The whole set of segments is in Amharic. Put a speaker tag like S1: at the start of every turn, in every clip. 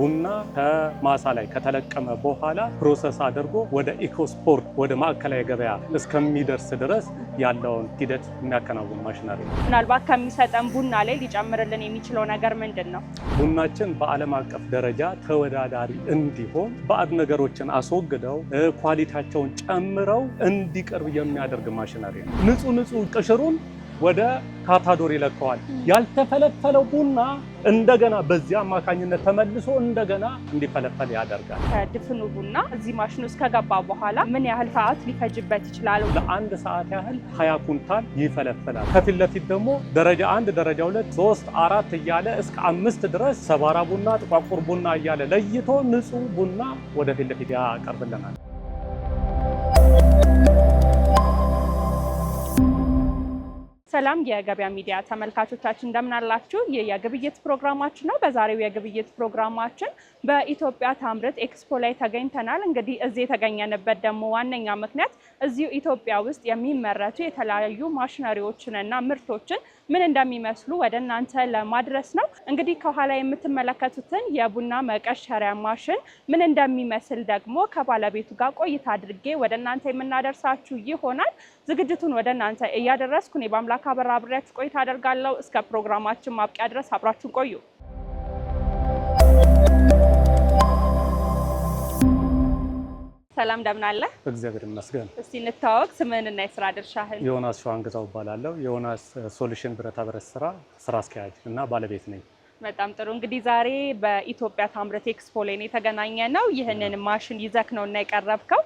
S1: ቡና ከማሳ ላይ ከተለቀመ በኋላ ፕሮሰስ አድርጎ ወደ ኢኮስፖርት ወደ ማዕከላዊ ገበያ እስከሚደርስ ድረስ ያለውን ሂደት የሚያከናውን ማሽነሪ ነው።
S2: ምናልባት ከሚሰጠን ቡና ላይ ሊጨምርልን የሚችለው ነገር ምንድን ነው?
S1: ቡናችን በዓለም አቀፍ ደረጃ ተወዳዳሪ እንዲሆን ባዕድ ነገሮችን አስወግደው ኳሊቲያቸውን ጨምረው እንዲቀርብ የሚያደርግ ማሽነሪ ነው። ንጹህ ንጹህ ቅሽሩን ወደ ካታዶር ይለከዋል። ያልተፈለፈለው ቡና እንደገና በዚህ አማካኝነት ተመልሶ እንደገና እንዲፈለፈል ያደርጋል።
S2: ከድፍኑ ቡና እዚህ ማሽን ውስጥ ከገባ በኋላ ምን ያህል ሰዓት ሊፈጅበት ይችላል?
S1: ለአንድ ሰዓት ያህል ሀያ ኩንታል ይፈለፈላል። ከፊት ለፊት ደግሞ ደረጃ አንድ፣ ደረጃ ሁለት፣ ሶስት፣ አራት እያለ እስከ አምስት ድረስ ሰባራ ቡና፣ ጥቋቁር ቡና እያለ ለይቶ ንጹህ ቡና ወደፊት ለፊት ያቀርብልናል።
S2: ሰላም የገበያ ሚዲያ ተመልካቾቻችን እንደምናላችሁ። ይህ የግብይት ፕሮግራማችን ነው። በዛሬው የግብይት ፕሮግራማችን በኢትዮጵያ ታምርት ኤክስፖ ላይ ተገኝተናል። እንግዲህ እዚህ የተገኘንበት ደግሞ ዋነኛ ምክንያት እዚሁ ኢትዮጵያ ውስጥ የሚመረቱ የተለያዩ ማሽነሪዎችንና ምርቶችን ምን እንደሚመስሉ ወደ እናንተ ለማድረስ ነው። እንግዲህ ከኋላ የምትመለከቱትን የቡና መቀሸሪያ ማሽን ምን እንደሚመስል ደግሞ ከባለቤቱ ጋር ቆይታ አድርጌ ወደ እናንተ የምናደርሳችሁ ይሆናል። ዝግጅቱን ወደ እናንተ እያደረስኩ እኔ በአምላክ አበራ አብሬያችሁ ቆይታ አደርጋለሁ። እስከ ፕሮግራማችን ማብቂያ ድረስ አብራችሁን ቆዩ። ሰላም እንደምን አለ?
S3: እግዚአብሔር ይመስገን።
S2: እስቲ እንታወቅ፣ ስምህንና የስራ ድርሻህን።
S3: ዮናስ ሸዋንግዛው እባላለሁ። ዮናስ ሶሉሽን ብረታ ብረት ስራ ስራ አስኪያጅ እና ባለቤት ነኝ።
S2: በጣም ጥሩ እንግዲህ ዛሬ በኢትዮጵያ ታምርት ኤክስፖ ላይ የተገናኘ ነው። ይህንን ማሽን ይዘክ ነው እና የቀረብከው።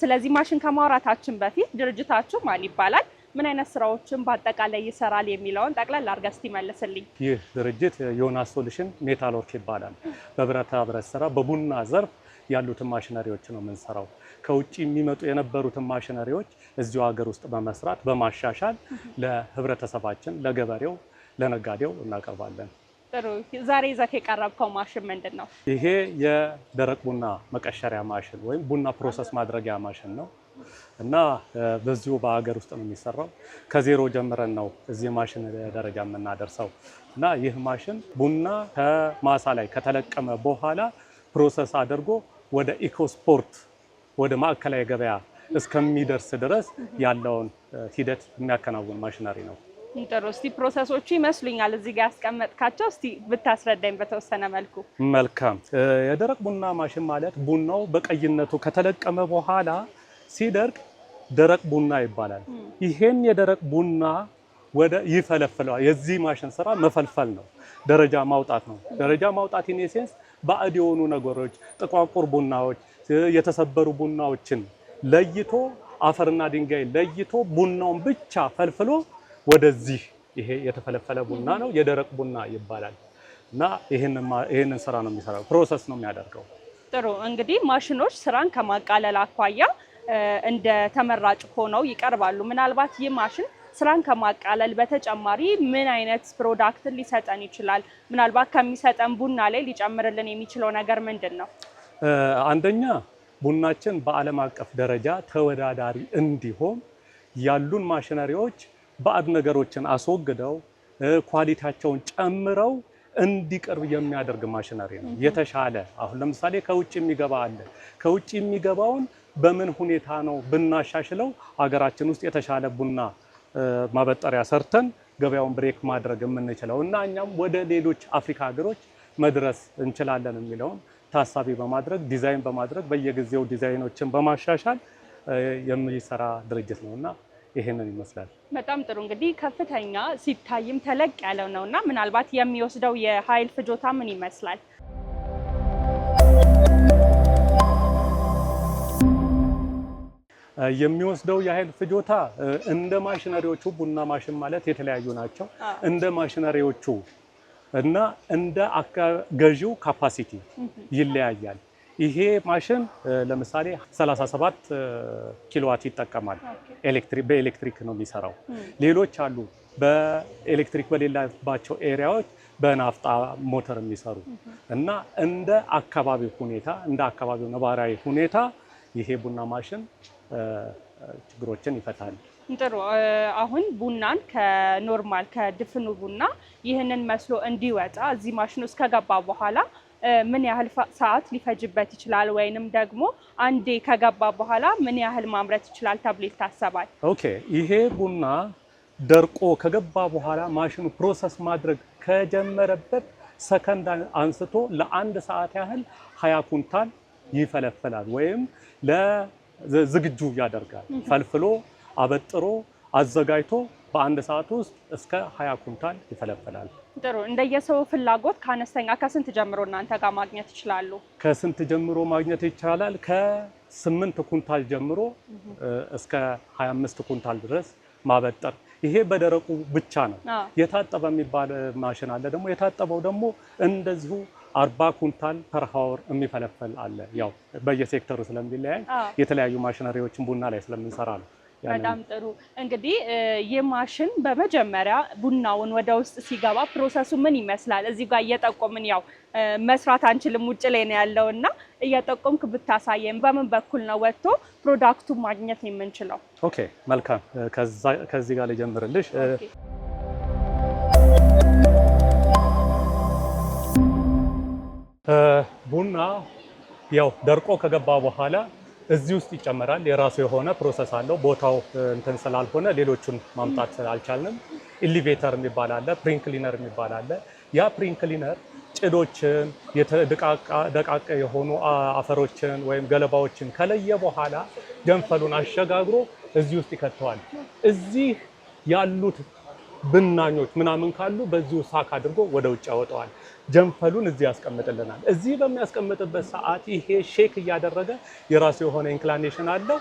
S2: ስለዚህ ማሽን ከማውራታችን በፊት ድርጅታችሁ ማን ይባላል? ምን አይነት ስራዎችን በአጠቃላይ ይሰራል የሚለውን ጠቅላላ አድርገህ እስቲ መልስልኝ።
S3: ይህ ድርጅት ዮናስ ሶሉሽን ሜታልወርክ ይባላል። በብረታ ብረት ስራ በቡና ዘርፍ ያሉትን ማሽነሪዎች ነው የምንሰራው። ከውጭ የሚመጡ የነበሩትን ማሽነሪዎች እዚሁ ሀገር ውስጥ በመስራት በማሻሻል ለህብረተሰባችን፣ ለገበሬው፣ ለነጋዴው እናቀርባለን።
S2: ጥሩ። ዛሬ ይዘት የቀረብከው ማሽን ምንድን ነው?
S3: ይሄ የደረቅ ቡና መቀሸሪያ ማሽን ወይም ቡና ፕሮሰስ ማድረጊያ ማሽን ነው እና በዚሁ በሀገር ውስጥ ነው የሚሰራው። ከዜሮ ጀምረን ነው እዚህ ማሽን ደረጃ የምናደርሰው እና ይህ ማሽን ቡና ከማሳ ላይ ከተለቀመ በኋላ ፕሮሰስ አድርጎ ወደ ኢኮስፖርት ወደ ማዕከላዊ ገበያ እስከሚደርስ ድረስ ያለውን ሂደት የሚያከናውን ማሽነሪ ነው።
S2: ጥሩ። እስቲ ፕሮሰሶቹ ይመስሉኛል እዚህ ጋር ያስቀመጥካቸው፣ እስቲ ብታስረዳኝ በተወሰነ መልኩ።
S3: መልካም። የደረቅ ቡና ማሽን ማለት ቡናው በቀይነቱ ከተለቀመ በኋላ ሲደርቅ ደረቅ ቡና ይባላል። ይሄን የደረቅ ቡና ወደ ይፈለፍለዋል። የዚህ ማሽን ስራ መፈልፈል ነው፣ ደረጃ ማውጣት ነው። ደረጃ ማውጣት ኢኔሴንስ ባዕድ የሆኑ ነገሮች፣ ጥቋቁር ቡናዎች፣ የተሰበሩ ቡናዎችን ለይቶ አፈርና ድንጋይ ለይቶ ቡናውን ብቻ ፈልፍሎ ወደዚህ ይሄ የተፈለፈለ ቡና ነው፣ የደረቅ ቡና ይባላል እና ይህንን ስራ ነው የሚሰራው፣ ፕሮሰስ ነው የሚያደርገው።
S2: ጥሩ እንግዲህ ማሽኖች ስራን ከማቃለል አኳያ እንደ ተመራጭ ሆነው ይቀርባሉ። ምናልባት ይህ ማሽን ስራን ከማቃለል በተጨማሪ ምን አይነት ፕሮዳክትን ሊሰጠን ይችላል? ምናልባት ከሚሰጠን ቡና ላይ ሊጨምርልን የሚችለው ነገር ምንድን ነው?
S1: አንደኛ ቡናችን በዓለም አቀፍ ደረጃ ተወዳዳሪ እንዲሆን ያሉን ማሽነሪዎች ባዕድ ነገሮችን አስወግደው ኳሊቲያቸውን ጨምረው እንዲቀርብ የሚያደርግ ማሽነሪ ነው። የተሻለ አሁን ለምሳሌ ከውጭ የሚገባ አለ። ከውጭ የሚገባውን በምን ሁኔታ ነው ብናሻሽለው ሀገራችን ውስጥ የተሻለ ቡና ማበጠሪያ ሰርተን ገበያውን ብሬክ ማድረግ የምንችለው እና እኛም ወደ ሌሎች አፍሪካ ሀገሮች መድረስ እንችላለን የሚለውን ታሳቢ በማድረግ ዲዛይን በማድረግ በየጊዜው ዲዛይኖችን በማሻሻል የሚሰራ ድርጅት ነው እና ይሄንን ይመስላል።
S2: በጣም ጥሩ እንግዲህ ከፍተኛ ሲታይም ተለቅ ያለው ነው እና ምናልባት የሚወስደው የኃይል ፍጆታ ምን ይመስላል?
S3: የሚወስደው የኃይል ፍጆታ እንደ ማሽነሪዎቹ ቡና ማሽን ማለት የተለያዩ ናቸው። እንደ ማሽነሪዎቹ እና እንደ ገዢው ካፓሲቲ ይለያያል። ይሄ ማሽን ለምሳሌ 37 ኪሎዋት ይጠቀማል። በኤሌክትሪክ ነው የሚሰራው። ሌሎች አሉ በኤሌክትሪክ በሌላባቸው ኤሪያዎች በናፍጣ ሞተር የሚሰሩ እና እንደ አካባቢው ሁኔታ እንደ አካባቢው ነባራዊ ሁኔታ ይሄ ቡና ማሽን ችግሮችን ይፈታል።
S2: ጥሩ። አሁን ቡናን ከኖርማል ከድፍኑ ቡና ይህንን መስሎ እንዲወጣ እዚህ ማሽን ውስጥ ከገባ በኋላ ምን ያህል ሰዓት ሊፈጅበት ይችላል ወይንም ደግሞ አንዴ ከገባ በኋላ ምን ያህል ማምረት ይችላል ተብሎ ይታሰባል።
S3: ኦኬ ይሄ ቡና ደርቆ ከገባ በኋላ ማሽኑ ፕሮሰስ ማድረግ ከጀመረበት ሰከንድ አንስቶ ለአንድ ሰዓት ያህል ሀያ ኩንታል ይፈለፈላል ወይም ለዝግጁ ያደርጋል። ፈልፍሎ አበጥሮ አዘጋጅቶ በአንድ ሰዓት ውስጥ እስከ 20 ኩንታል ይፈለፈላል።
S2: ጥሩ። እንደየሰው ፍላጎት ከአነስተኛ ከስንት ጀምሮ እናንተ ጋር ማግኘት ይችላሉ?
S3: ከስንት ጀምሮ ማግኘት ይቻላል? ከስምንት ኩንታል ጀምሮ እስከ 25 ኩንታል ድረስ ማበጠር። ይሄ በደረቁ ብቻ ነው። የታጠበ የሚባል ማሽን አለ። ደግሞ የታጠበው ደግሞ እንደዚሁ አርባ ኩንታል ፐርሃወር የሚፈለፈል አለ። ያው በየሴክተሩ ስለሚለያይ የተለያዩ ማሽነሪዎችን ቡና ላይ ስለምንሰራ ነው።
S2: በጣም ጥሩ እንግዲህ ይህ ማሽን በመጀመሪያ ቡናውን ወደ ውስጥ ሲገባ ፕሮሰሱ ምን ይመስላል? እዚህ ጋር እየጠቆምን ያው መስራት አንችልም፣ ውጭ ላይ ነው ያለው እና እየጠቆምክ ብታሳየን በምን በኩል ነው ወጥቶ ፕሮዳክቱ ማግኘት የምንችለው?
S3: ኦኬ መልካም፣ ከዚህ ጋር ልጀምርልሽ።
S1: ቡና ያው ደርቆ ከገባ በኋላ እዚህ ውስጥ ይጨመራል። የራሱ የሆነ ፕሮሰስ አለው። ቦታው እንትን ስላልሆነ ሌሎቹን ማምጣት አልቻልንም። ኢሊቬተር የሚባል አለ፣ ፕሪንክሊነር የሚባል አለ። ያ ፕሪንክሊነር ጭዶችን ደቃቅ የሆኑ አፈሮችን ወይም ገለባዎችን ከለየ በኋላ ገንፈሉን አሸጋግሮ እዚህ ውስጥ ይከተዋል። እዚህ ያሉት ብናኞች ምናምን ካሉ በዚሁ ሳክ አድርጎ ወደ ውጭ ያወጠዋል። ጀንፈሉን እዚህ ያስቀምጥልናል። እዚህ በሚያስቀምጥበት ሰዓት ይሄ ሼክ እያደረገ የራሱ የሆነ ኢንክላኔሽን አለው።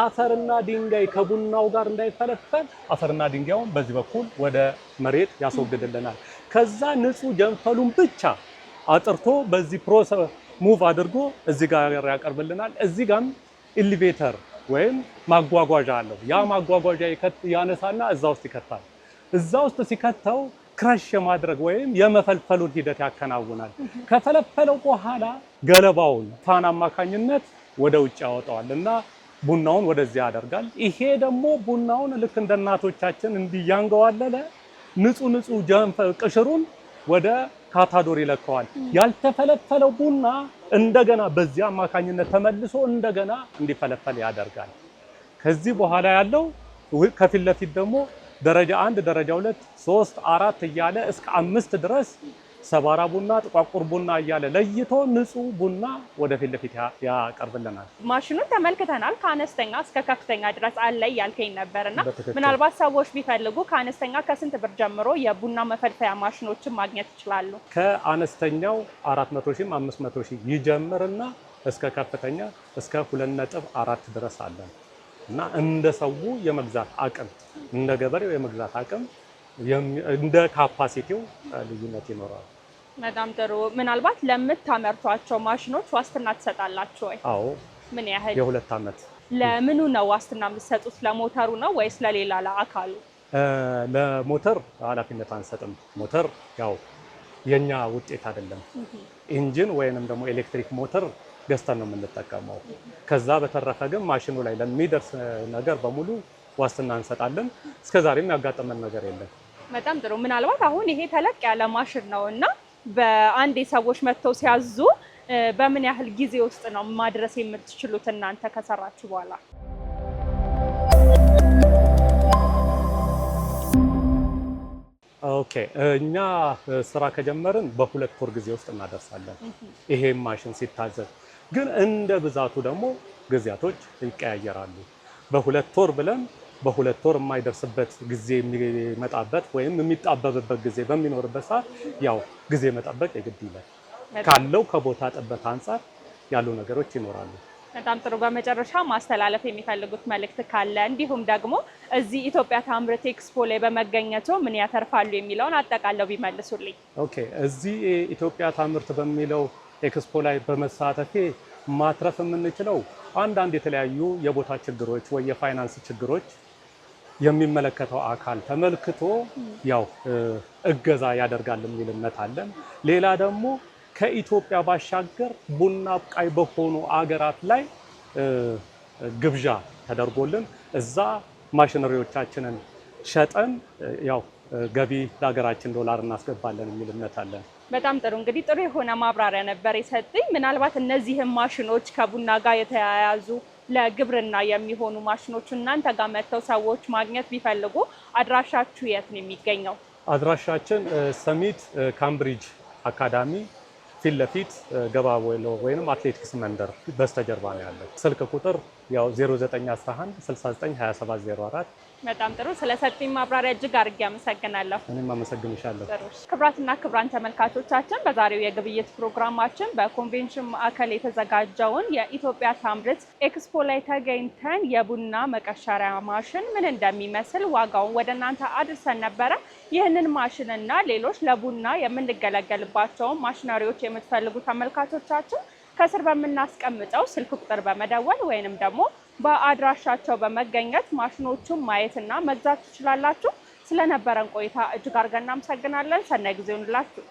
S1: አፈርና ድንጋይ ከቡናው ጋር እንዳይፈለፈል አፈርና ድንጋዩን በዚህ በኩል ወደ መሬት ያስወግድልናል። ከዛ ንጹህ ጀንፈሉን ብቻ አጥርቶ በዚህ ፕሮሰ ሙቭ አድርጎ እዚህ ጋር ያቀርብልናል። እዚህ ጋም ኢሊቬተር ወይም ማጓጓዣ አለው። ያ ማጓጓዣ ያነሳና እዛ ውስጥ ይከታል። እዛ ውስጥ ሲከተው ክረሽ የማድረግ ወይም የመፈልፈሉን ሂደት ያከናውናል። ከፈለፈለው በኋላ ገለባውን ፋን አማካኝነት ወደ ውጭ ያወጣዋል እና ቡናውን ወደዚህ ያደርጋል። ይሄ ደግሞ ቡናውን ልክ እንደ እናቶቻችን እንዲያንገዋለለ ንጹህ ንጹህ ቅሽሩን ወደ ካታዶር ይለከዋል። ያልተፈለፈለው ቡና እንደገና በዚህ አማካኝነት ተመልሶ እንደገና እንዲፈለፈል ያደርጋል። ከዚህ በኋላ ያለው ከፊት ለፊት ደግሞ ደረጃ አንድ፣ ደረጃ ሁለት፣ ሶስት፣ አራት እያለ እስከ አምስት ድረስ ሰባራ ቡና፣ ጥቋቁር ቡና እያለ ለይቶ ንጹህ ቡና ወደፊት ለፊት ያቀርብልናል።
S2: ማሽኑን ተመልክተናል። ከአነስተኛ እስከ ከፍተኛ ድረስ አለ እያልከኝ ነበር እና ምናልባት ሰዎች ቢፈልጉ ከአነስተኛ ከስንት ብር ጀምሮ የቡና መፈልፈያ ማሽኖችን ማግኘት ይችላሉ?
S1: ከአነስተኛው 400 ሺህ 500 ሺህ ይጀምርና እስከ ከፍተኛ እስከ አራት ድረስ አለን። እና እንደ ሰው የመግዛት አቅም እንደ ገበሬው የመግዛት አቅም እንደ ካፓሲቲው ልዩነት ይኖራል።
S2: በጣም ጥሩ። ምናልባት ለምታመርቷቸው ማሽኖች ዋስትና ትሰጣላችሁ ወይ?
S1: አዎ። ምን ያህል? የሁለት ዓመት።
S2: ለምኑ ነው ዋስትና የምትሰጡት? ለሞተሩ ነው ወይስ ለሌላ ለአካሉ?
S1: ለሞተር ኃላፊነት አንሰጥም። ሞተር ያው የኛ ውጤት አይደለም። ኢንጂን ወይንም ደግሞ ኤሌክትሪክ ሞተር ገዝተን ነው የምንጠቀመው። ከዛ በተረፈ ግን ማሽኑ ላይ ለሚደርስ ነገር በሙሉ ዋስትና እንሰጣለን። እስከዛሬም ያጋጠመን ነገር የለም።
S2: በጣም ጥሩ። ምናልባት አሁን ይሄ ተለቅ ያለ ማሽን ነው እና በአንድ ሰዎች መጥተው ሲያዙ በምን ያህል ጊዜ ውስጥ ነው ማድረስ የምትችሉት እናንተ ከሰራችሁ በኋላ?
S1: ኦኬ እኛ ስራ ከጀመርን በሁለት ወር ጊዜ ውስጥ እናደርሳለን። ይሄም ማሽን ሲታዘዝ ግን እንደ ብዛቱ ደግሞ ጊዜያቶች ይቀያየራሉ። በሁለት ወር ብለን በሁለት ወር የማይደርስበት ጊዜ የሚመጣበት ወይም የሚጣበብበት ጊዜ በሚኖርበት ሰዓት ያው ጊዜ መጠበቅ የግድ ይላል። ካለው ከቦታ ጥበት አንጻር ያሉ ነገሮች ይኖራሉ።
S2: በጣም ጥሩ። በመጨረሻ ማስተላለፍ የሚፈልጉት መልእክት ካለ እንዲሁም ደግሞ እዚህ ኢትዮጵያ ታምርት ኤክስፖ ላይ በመገኘቱ ምን ያተርፋሉ የሚለውን አጠቃለው ቢመልሱልኝ።
S1: ኦኬ። እዚህ ኢትዮጵያ ታምርት በሚለው ኤክስፖ ላይ በመሳተፌ ማትረፍ የምንችለው አንዳንድ የተለያዩ የቦታ ችግሮች ወይ የፋይናንስ ችግሮች የሚመለከተው አካል ተመልክቶ ያው እገዛ ያደርጋል የሚል እምነት አለን። ሌላ ደግሞ ከኢትዮጵያ ባሻገር ቡና አብቃይ በሆኑ አገራት ላይ ግብዣ ተደርጎልን እዛ ማሽነሪዎቻችንን ሸጠን ያው ገቢ ለሀገራችን ዶላር እናስገባለን የሚል እምነት አለን።
S2: በጣም ጥሩ እንግዲህ ጥሩ የሆነ ማብራሪያ ነበር የሰጠኝ። ምናልባት እነዚህም ማሽኖች ከቡና ጋር የተያያዙ ለግብርና የሚሆኑ ማሽኖች እናንተ ጋር መጥተው ሰዎች ማግኘት ቢፈልጉ አድራሻችሁ የት ነው የሚገኘው?
S3: አድራሻችን ሰሚት ካምብሪጅ አካዳሚ ፊት ለፊት ገባ ወይም አትሌቲክስ መንደር በስተጀርባ ነው ያለ። ስልክ ቁጥር ያው 0911 692704
S2: በጣም ጥሩ። ስለሰጡኝ ማብራሪያ እጅግ አድርጌ አመሰግናለሁ።
S3: እኔም አመሰግንሻለሁ።
S2: ክብራትና ክብራን ተመልካቾቻችን በዛሬው የግብይት ፕሮግራማችን በኮንቬንሽን ማዕከል የተዘጋጀውን የኢትዮጵያ ታምርት ኤክስፖ ላይ ተገኝተን የቡና መቀሸሪያ ማሽን ምን እንደሚመስል ዋጋውን ወደ እናንተ አድርሰን ነበረ። ይህንን ማሽንና ሌሎች ለቡና የምንገለገልባቸውን ማሽነሪዎች የምትፈልጉ ተመልካቾቻችን ከስር በምናስቀምጠው ስልክ ቁጥር በመደወል ወይንም ደግሞ በአድራሻቸው በመገኘት ማሽኖቹን ማየትና መግዛት ትችላላችሁ። ስለነበረን ቆይታ እጅግ አድርገን እናመሰግናለን። ሰናይ ጊዜ ይሁንላችሁ።